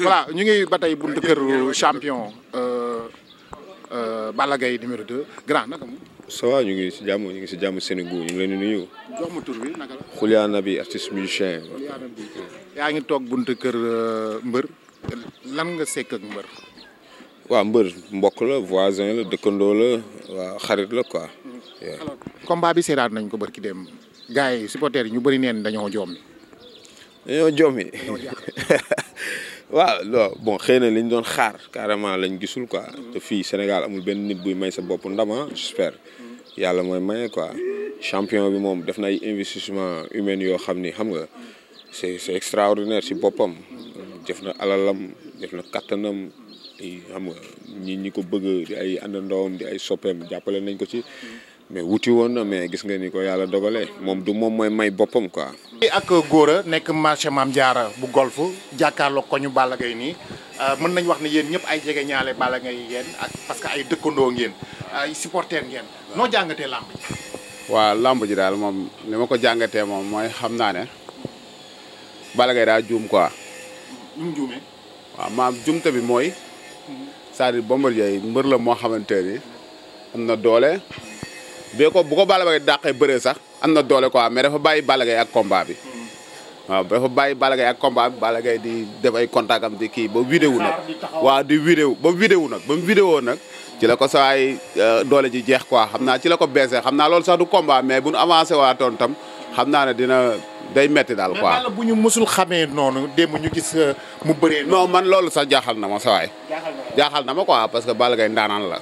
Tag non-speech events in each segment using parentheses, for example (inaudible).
voilà ñu ngi ba tey buntu kër champion euh, euh, Balla Gaye numéro 2 grand naka moom. ça va ñu ngi si jàmm ñu ngi si jàmm Sénégal ñu ngi leen di nuyu. jox ma tur bi naka la. Khoulia Nabi yaa ngi toog buntu kër euh, mbër. lan nga sekk ak mbër. waaw mbokk la voisin la dëkkandoo la waa xarit la quoi. Mm. ko barki dem gars yi supporters yi ñu bëri neen dañoo joom mi. dañoo joom (laughs) waaw non bon xëy na liñ doon xaar carrément lañ gisul quoi te fii Sénégal amul benn nit buy may sa bopp ndama ah, j'espère yàlla mooy maye quoi champion bi moom def na ay investissement humain yoo xam ni xam nga c'est c'est extraordinaire si boppam def na alalam def na kattanam xam nga ñi ñi ko bëgg di ay àndandoom di ay soppeem jàppale nañ ko ci mais wuti woon na mais gis nga ni ko yàlla dogalee moom du moom mooy may boppam quoi. ak Gora nekk marché Maam Jaara bu golf jàkkaarloo ko ñu Balla Gaye nii euh, mën nañ wax ne yéen ñëpp ay jege ñaale Balla Gaye yéen ak parce que ay dëkkandoo ngeen ay supporter ngeen noo jàngatee làmb ji. waaw làmb ji daal moom li ma ko jàngatee moom mooy xam naa ne Balla Gaye daa juum quoi. nu mu maam jumte bi mooy. Hmm. c'est-à-dire Bombardier mbër la moo xamante ni na doole. bee ko bu ko Balla Gaye dàqee bëree sax am na doole quoi mais dafa bàyyi Balla Gaye ak combat bi. waaw dafa bàyyi Balla Gaye ak combat di def ay contact am di kii ba widewu nag waa di vidéo ba vidéo nag ba mu nag ci la ko saay euh, doole ji jeex quoi xam naa ci la ko beesee xam naa loolu sax du combat mais bu nu avancé waatoon tam xam naa ne dina day metti daal quoi mais bu ñu mësul xamee noonu démb ñu gis euh, mu bëree. noo man loolu sax jaaxal na ma sawaay jaaxal na ma quoi parce que Balla Gaye la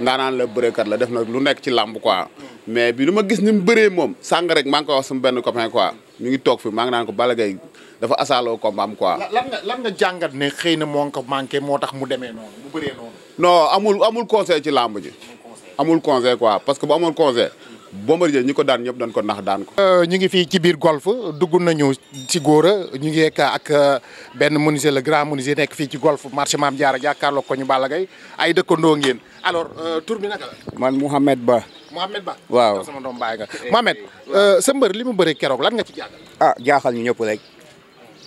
ndaanaan la bëreekat la def na lu nekk ci làmb quoi. mais bi lu ma gis ni mu bëree moom sàng rek maa ngi koy wax sama benn copain quoi ñu ngi toog fi maa ngi naan ko Balla Gaye dafa asaaloo combat am quoi. lan nga lan nga jàngat ne xëy na moo ngi ko manqué moo tax mu demee noonu mu bëree amul amul conseil ci làmb ji. amul conseil quoi parce que bu amul conseil. bo Bombardier ñi ko daan ñëpp dañ ko nax daan ko. Euh, ñu ngi fii ci biir golf dugg nañu ci góora ñu ngi ak euh, benn menuisier le grand menuisier nekk fii ci golf marché Maam jaar jàkkaarloog ko ñu Balla ay dëkkandoo ngeen alors euh, tur bi naka la. Mouhamed Ba. Mouhamed Ba waaw sama doom baay nga. Mouhamed sa mbër li mu bëree keroog lan nga ci jaaxal. ah jaaxal ñu ñëpp rek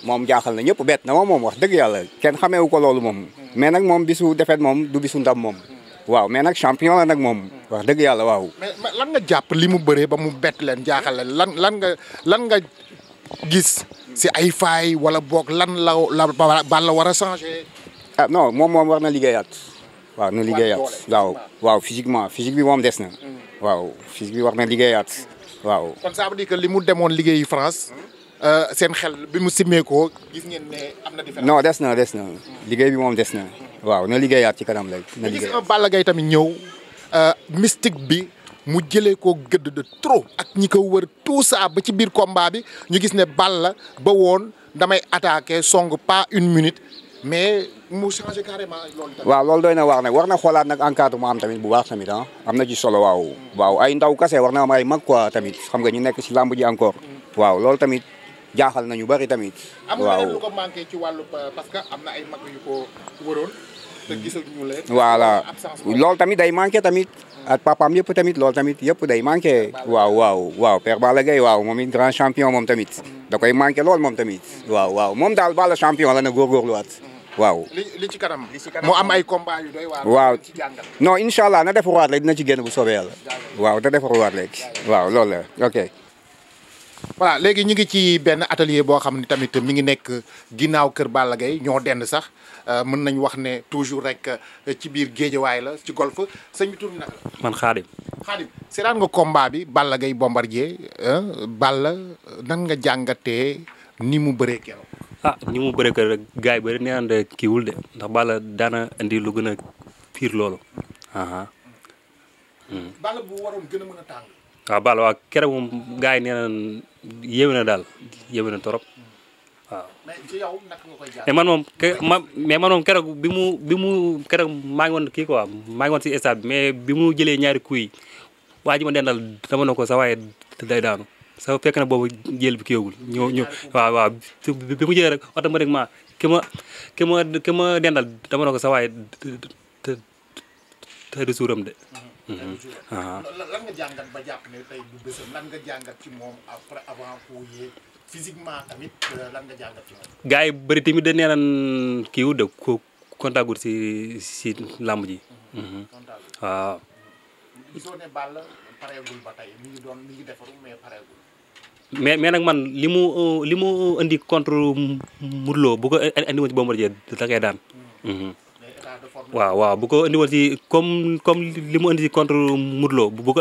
moom jaaxal na ñëpp bett na ma moom wax dëgg yàlla kenn xameewu ko loolu moom. Hmm. mais nag moom bisu defet moom du bisu ndam moom. waaw mais nag champion la nag moom. wax dëgg yàlla waaw. lan nga jàpp li mu bëree ba mu bett leen jaaxal leen lan lan nga lan nga gis si ay faay wala boog lan la la Balla war a changé. ah non moom moom war na liggéeyaat. waaw nu liggéeyaat waaw waaw physiquement physique bi moom des na. Mm. waaw physique bi wax na liggéeyaat. waaw kon ça que li mu demoon liggéeyi France. Mm. Euh, seen xel bi mu simmee ko gis ngeen des na des na mm. liggéey bi moom des na. waaw na liggéeyaat ci kanam léegi. na liggéeyaat gis Balla Gaye tamit ñëw euh, mystique bi mu jëlee ko gëdd de trop. ak ñi ko wër tu ça ba ci biir combat bi ñu gis ne Balla ba woon damay attaqué song pas une minute mais mu changé carrément loolu tamit. waaw loolu doy na wax nag war na xoolaat nag encadrement am tamit bu baax tamit ah am na ci solo waaw. waaw ay ndaw kase war na am ay mag quoi tamit xam nga ñu nekk ci làmb ji encore. Mm. waaw loolu tamit. jaaxal nañu bari tamit. am na lu ko ci wàllu euh, parce que am na ko wëroon. te gisaguñu leen voilà loolu tamit day manqué tamit. ak papaam yëpp tamit loolu tamit yëpp day manqué. waaw waaw waaw Père Balla Gaye waaw moom it grand champion moom tamit. da koy manqué lool moom tamit. waaw waaw moom daal Balla champion la na góorgóorluwaat. waaw li li li ci kanam am ay combat yu doy waar. waaw non incha allah na defaruwaat rek dina ci génn bu soobee yàlla. waaw da defaruwaat rek. waaw lool la ok. waa léegi ñu ngi ci benn atelier boo xam ne tamit mi ngi nekk ginnaaw kër Balla gay ñoo dend sax euh, mën nañ wax ne toujours rek euh, ci biir géejawaay la ci golf sëñ bi tur man Xaadim. Xaadim seetaan nga komba bi Balla Gaye Bombardier euh, Balla nan nga jàngatee ni mu bëree keroog. ah ni mu bëree keroog gars yi bëri nee naan de kii de ndax Balla daana indi lu gën a fiir loolu. Hmm. Balla bu waroon gën a mën a waaw Baal waaw keroog moom gars yi nee na daal yéwé na trop waaw. mais moom ma mais man moom keroog bi mu bi mu keroog maa ngi woon kii quoi maa bi mais bi mu jëlee ñaari kuy waa ji ma dendal na ko sa waaye day daanu sa fekk boobu jël bi kiiwagul ñëw ñëw waaw waaw bi mu jëlee rek automatiquement ki ma ki ma ki ma dendal dama na ko sa waaye te de. Mhm. Mhm. lan nga jàngat ba jàpp ne tey du bésam euh, yi bëri tamit dañ neenaan kii wu de ko làmb ji. Mhm. Mhm. waaw. gisoo ne Balla pareegul ba tey mi ngi doon mi mais nag man li mu li mu indi contre Modou Lo bu ko andi woon ci da koy daan. waaw waaw bu ko andi woon ci comme comme li mu andi ci contre Modou Lo bu ko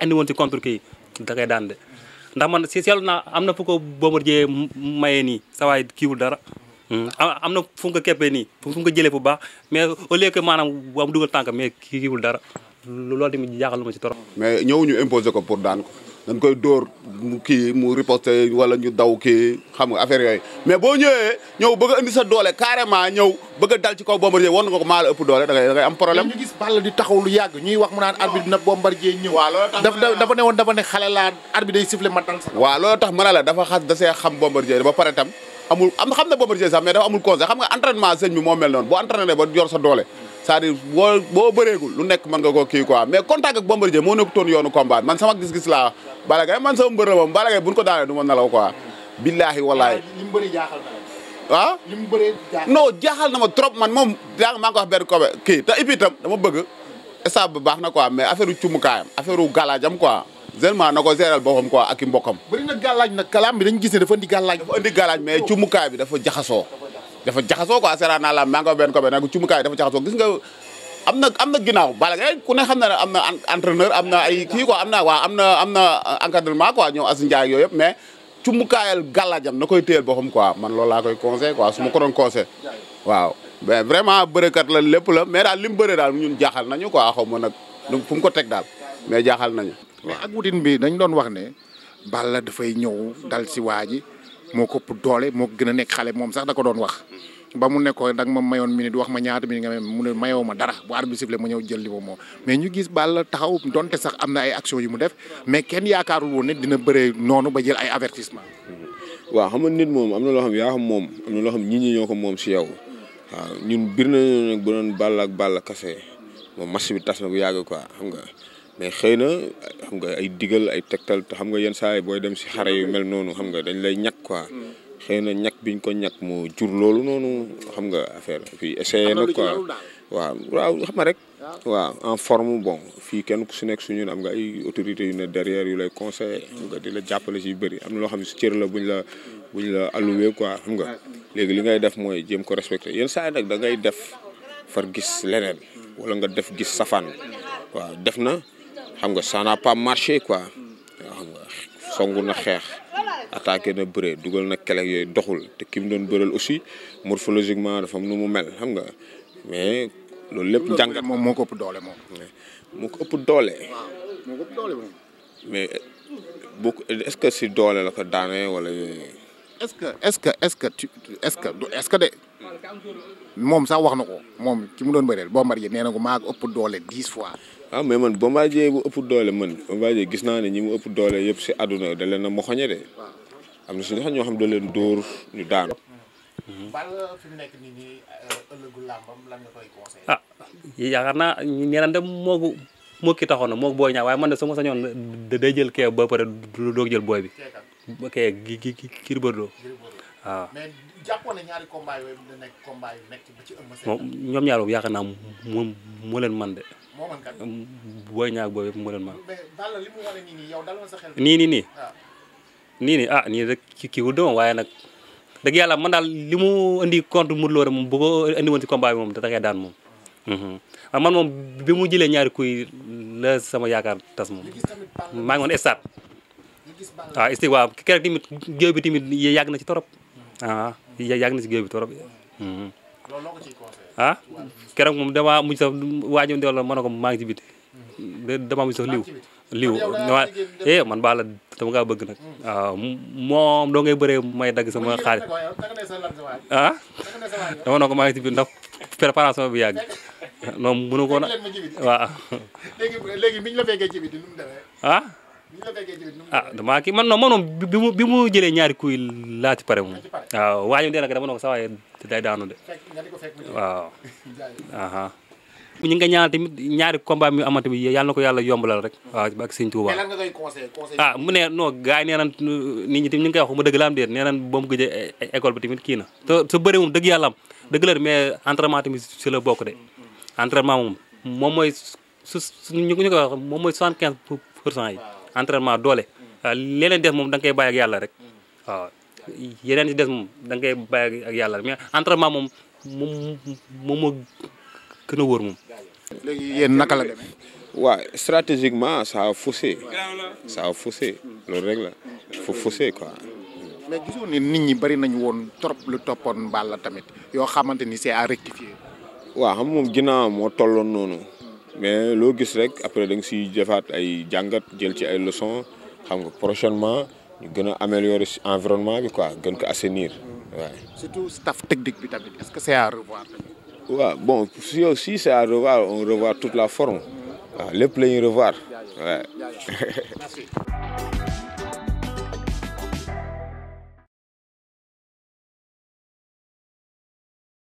andi woon contre kii da koy daan de ndax man si seetlu na am na fu ko Bombardier mayee nii sa kiiwul dara hmm, am na fu mu ko keppee nii fu mu ko jëlee bu baax mais au lieu que maanaam waa mu dugal tànk mais kiiwul dara loolu tamit jaaxal ma si trop. mais ñëwuñu imposer ko pour daan ko. dañ koy door mu kii mu riposte wala ñu daw kii xam nga affaire yooyu mais boo ñëwee ñëw bëgg a indi sa doole carrément ñëw bëgg a dal ci kaw Bombardier war nga ko ëpp doole da ngay da ngay am yàgg ñuy wax mu naan arbitre na Bombardier ñëw. waaw loolu tax dafa dafa ne woon dafa ne xale laa arbitre day siffler sax. waaw tax ma ne la dafa xas da see xam Bombardier ba pare tam amul am xam na Bombardier sax mais dafa amul conseil xam nga entraînement sëñ bi moo mel noonu boo entraîné ba yor sa doole c'est-à-dire boo boo bëreegul lu nekk mën nga ko kii quoi mais contact ak Bombardier moo nekkutoon yoonu combat man sama gis-gis laa Balla Gaye man sama mbër la moom Balla Gaye bu ñu ko daanee du ma nelaw billaahi wallaahi ah, li mu bëri jaaxal na ah na ma trop man moom yaa maa ngi ko wax benn kobe kii te et puis itam dama bëgg stade baax na quoi mais affaire u cumukaayam affaire u galaajam quoi seulement na ko géral boppam quoi ak i na galaaj nag kalaam bi dañu gis ne dafa indi galaaj dafa indi galaaj oh. bi dafa jaxasoo dafa jaxasoo quoi seeraan naa la maa nga benn ko am na am na ginnaaw Balla Gaye xam na ne am na entraîneur am na ay kii am na waaw am na am na encadrement quoi ñoom Asin Ndiaye ak yooyu yëpp mais cumukaayal na koy téyel boppam quoi man loolu laa koy conseil quoi su ma ko doon conseil waaw mais vraiment bërëkat la lépp la mais daal li mu bëree daal ñun jaaxal nañu ko xaw ma nag ko teg daal mais jaaxal nañu mais ak wutin bi dañ doon wax ne Balla dafay ñëw dal si waa ji moo ko pour doole moo gën a nekk xale moom sax da doon wax ba mu nekkoo nag ma mayoon minute wax ma ñaata minute nga ne mu ne mayoo ma dara bu arbitre sifflé ma ñëw jël moom mais ñu gis Balla taxaw donte sax am na ay action yu mu def mais kenn yaakaarul woon ne dina bëree noonu ba jël ay avertissement mm-hmm. waaw xam nga nit moom am na loo xam yaa moom am na loo xam nit ñi ko moom si yow waaw ñun bir na nag bu doon Balla Balla kase moom match bi tas na bu yàgg quoi xam nga mais xëy na xam nga ay digal ay tegtal te xam nga yenn saa booy dem si xare yu mel noonu xam nga dañ lay ñàkk quoi xëy na ñàkk biñ ko ñàkk moo jur loolu noonu xam nga affaire fii essayé na quoi waaw waaw xam waaw en forme bon fii kenn ku si nekk suñu am nga ay autorités yu ne derrière yu lay conseillé di la jàppale si yu bëri am loo xam ne si cër la buñ la buñ la alloué quoi xam nga léegi li ngay def mooy jéem ko respecté yenn saa nag da ngay def far gis leneen wala nga def gis safaan waaw def na xam nga ça n'a pas marché quoi xam na xeex attaqué na bëre dugal na kelek yooyu doxul te ki mu doon bëral aussi morphologiquement dafa am nu mu mel xam nga mais loolu lépp njàngat moom moo ko ëpp doole moom moo ko ëpp doole moo ko ëpp doole moom mais bu est ko daanee wala est-ce que est-ce que est que tu est que est de moom sax wax na ko moom ci mu doon bëreel boo marié nee na ko maa ko ëpp doole dix fois waaw ah, mais man Bombardier bu ëpp doole man Bombardier gis naa ne ñi mu ëpp doole yëpp si àdduna da leen a moxoñe de am na suñu xam ñoo xam da leen dóor ñu daanu. Balla fi nekk nii nii euh, ëllëgu ah, yaakaar naa ñeneen de moo moo ki taxoon na moo booy ñaaw waaye man de sama sañoon day jël kee ba pare doog jël booy bi. kee gi gi gi Gris ah. na ñaari combat yooyu nekk combat yu nekk ba ci moom ñoom ñaar boobu yaakaar naa moo leen man de. Mm, booy ñaag boobu yëpp nii nii nii nii nii ah ci kii wul dama waaye nag dëgg yàlla man daal li mu indi compte Modou Lo rek moom bu ko indi ci combat bi moom da taxee daan moom mm-hmm. ah, man moom bi mu jëlee ñaari kuy la sama yaakaar tas moom maa ngi woon stade waaw ah, stade waaw keroog tamit géew bi tamit yàgg na ci torop ah ci géew torop mm-hmm. ah keroog moom damaa mujj sax waajo ndewal la ma ne ko maa ngi ci biti damaa liw liw damaa eh, man Balla dama kaa bëgg nag mm. waaw moom doo ngay bëree may dagg sama xaalis ah dama ne ko maa bi yàgg (laughs) na waaw (laughs) léegi léegi biñ la fekkee a ah, damaa ki man non man moom bi mu bi ñaari kuy laati pare moom waaw ah, waa ñu dee nag dama ne ko sa waaye day daanu de waaw. (laughs) ñu nga ñaan tamit ñaari combat mi amante bi yàlla na ko yàlla yombalal rek. waaw ak sëñ Tuuba a mu ne non gars yi nee euh, ñi tamit ñu ngi koy mu dëgg la am déet nee naan ba mu gëjee e, école bi tamit kii na te su bëri dëgg yàlla am dëgg la mais entraînement tamit si la bokk de. entraînement moom moom mooy su su ñu ko wax moom mooy soixante quinze pour cent yi. entraînement doole euh, leneen des moom dangay nga ak yàlla rek waaw yeneen ci des moom da nga ak yàlla mais entraînement moom moom moom moo gën a wóor moom. léegi naka la waa waaw stratégiquement ça a faussé ça a faussé loolu rek la faut mais gisoon ni nit ñi bari nañ woon trop lu toppoon la tamit yoo xamante ni c'est à rectifier. waaw xam moom ginnaaw moo tolloon noonu. mais loo gis rek après da nga siy defaat ay jàngat jël ci ay leçons xam nga prochainement ñu gën a améliorer environnement bi quoi gën ko assainir waaw. technique bi tamit est que c'est à revoir. waaw bon si aussi c'est à revoir on revoit toute la forme waaw lépp la ñuy revoir waaw. (laughs)